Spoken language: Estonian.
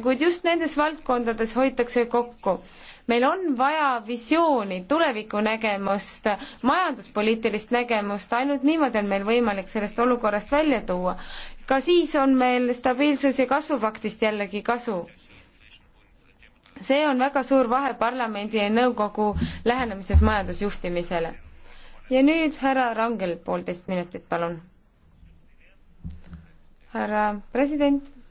kuid just nendes valdkondades hoitakse kokku. meil on vaja visiooni, tulevikunägemust, majanduspoliitilist nägemust, ainult niimoodi on meil võimalik sellest olukorrast välja tuua. ka siis on meil stabiilsus- ja kasvupaktist jällegi kasu. see on väga suur vahe parlamendi ja nõukogu lähenemises majandusjuhtimisele. ja nüüd härra Rangel, poolteist minutit, palun. härra president